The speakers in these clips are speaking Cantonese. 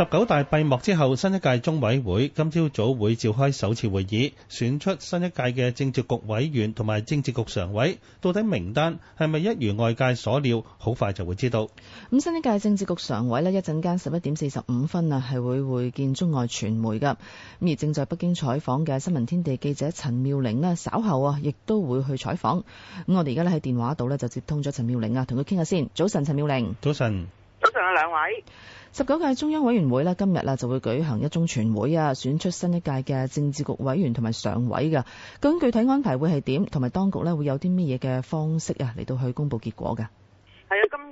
十九大閉幕之後，新一屆中委會今朝早會召開首次會議，選出新一屆嘅政治局委員同埋政治局常委，到底名單係咪一如外界所料，好快就會知道。咁新一屆政治局常委呢，一陣間十一點四十五分啊，係會會見中外傳媒嘅。咁而正在北京採訪嘅新聞天地記者陳妙玲呢，稍後啊，亦都會去採訪。咁我哋而家呢喺電話度呢，就接通咗陳妙玲啊，同佢傾下先。早晨，陳妙玲。早晨。早晨啊，兩位。十九屆中央委員會咧今日啊就會舉行一中全會啊選出新一屆嘅政治局委員同埋常委噶。究竟具體安排會係點，同埋當局咧會有啲咩嘢嘅方式啊嚟到去公布結果噶？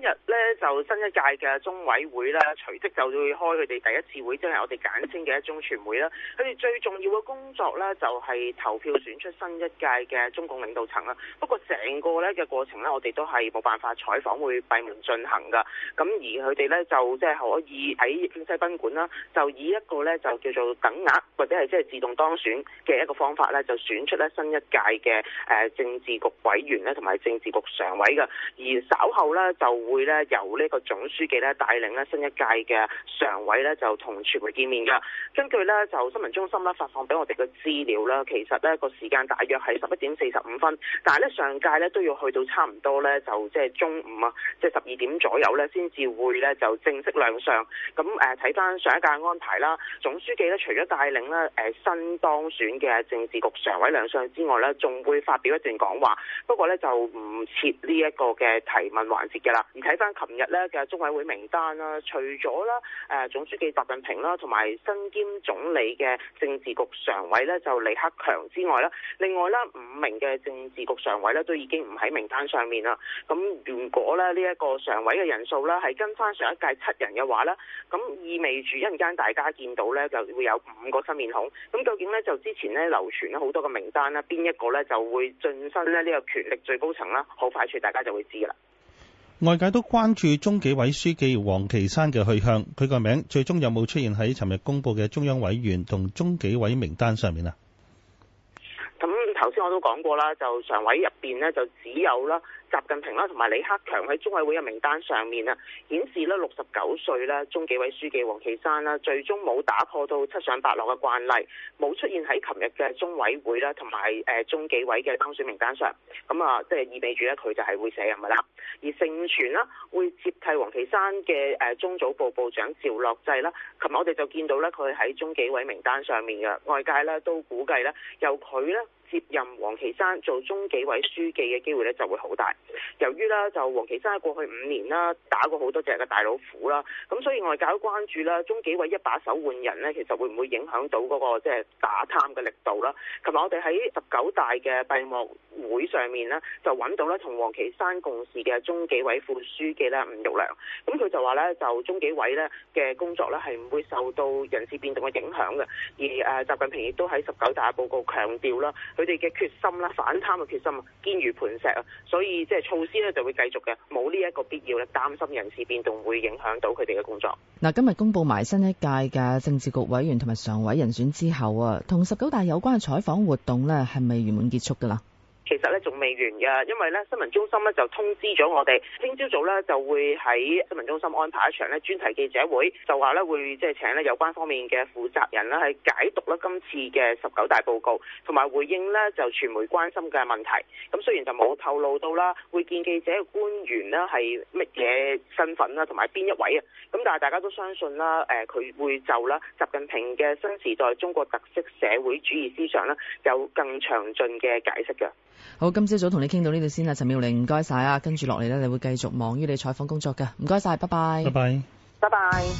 今日咧就新一屆嘅中委會咧，隨即就會開佢哋第一次會，即係我哋簡稱嘅一中全會啦。佢哋最重要嘅工作咧就係投票選出新一屆嘅中共領導層啦。不過成個咧嘅過程咧，我哋都係冇辦法採訪，會閉門進行噶。咁而佢哋咧就即係可以喺京西賓館啦，就以一個咧就叫做等額或者係即係自動當選嘅一個方法咧，就選出咧新一屆嘅誒政治局委員咧同埋政治局常委嘅。而稍後咧就會。會咧由呢個總書記咧帶領咧新一屆嘅常委咧就同全會見面㗎。根據咧就新聞中心咧發放俾我哋嘅資料啦，其實咧個時間大約係十一點四十五分，但係咧上屆咧都要去到差唔多咧就即係中午啊，即係十二點左右咧先至會咧就正式亮相。咁誒睇返上一屆嘅安排啦，總書記咧除咗帶領咧誒新當選嘅政治局常委亮相之外咧，仲會發表一段講話。不過咧就唔設呢一個嘅提問環節嘅啦。睇翻琴日咧嘅中委會名單啦，除咗啦誒總書記習近平啦，同埋身兼總理嘅政治局常委咧就李克強之外啦，另外啦，五名嘅政治局常委咧都已經唔喺名單上面啦。咁如果咧呢一個常委嘅人數啦係跟翻上，上一屆七人嘅話咧，咁意味住一陣間大家見到咧就會有五個新面孔。咁究竟咧就之前咧流傳好多個名單啦，邊一個咧就會晉身咧呢個權力最高層啦？好快脆大家就會知啦。外界都關注中紀委書記王岐山嘅去向，佢個名最終有冇出現喺尋日公布嘅中央委員同中紀委名單上面？頭先我都講過啦，就常委入面呢，就只有啦習近平啦，同埋李克強喺中委會嘅名單上面啊，顯示咧六十九歲啦中紀委書記王岐山啦，最終冇打破到七上八落嘅慣例，冇出現喺琴日嘅中委會啦，同埋中紀委嘅當選名單上，咁啊，即係意味住咧佢就係會卸任㗎啦。而盛傳啦會接替王岐山嘅中組部部長趙樂際啦，琴日我哋就見到咧佢喺中紀委名單上面嘅，外界咧都估計咧由佢咧。接任王岐山做中紀委書記嘅機會咧就會好大。由於咧就王岐山喺過去五年啦打過好多隻嘅大老虎啦，咁所以外界都關注啦中紀委一把手換人咧，其實會唔會影響到嗰個即係打貪嘅力度啦？琴日我哋喺十九大嘅閉幕會上面咧，就揾到咧同王岐山共事嘅中紀委副書記咧吳玉良，咁佢就話咧就中紀委咧嘅工作咧係唔會受到人事變動嘅影響嘅。而誒習近平亦都喺十九大報告強調啦。佢哋嘅決心啦，反貪嘅決心啊，堅如磐石啊，所以即係措施咧就會繼續嘅，冇呢一個必要咧擔心人事變動會影響到佢哋嘅工作。嗱，今日公布埋新一屆嘅政治局委員同埋常委人選之後啊，同十九大有關嘅採訪活動咧係咪圓滿結束㗎啦？其實咧仲未完嘅，因為咧新聞中心咧就通知咗我哋，聽朝早咧就會喺新聞中心安排一場咧專題記者會，就話咧會即係請咧有關方面嘅負責人咧去解讀啦今次嘅十九大報告，同埋回應咧就傳媒關心嘅問題。咁雖然就冇透露到啦，會見記者嘅官員呢係乜嘢身份啦，同埋邊一位啊？咁但係大家都相信啦，誒佢會就啦習近平嘅新時代中國特色社會主義思想啦，有更詳盡嘅解釋嘅。好，今朝早同你傾到呢度先啦，陳妙玲，唔該晒啊，跟住落嚟咧，你會繼續忙於你採訪工作㗎，唔該晒，拜拜，拜拜，拜拜。